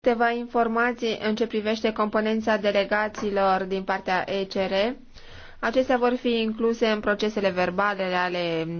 câteva informații în ce privește componența delegațiilor din partea ECR. Acestea vor fi incluse în procesele verbale ale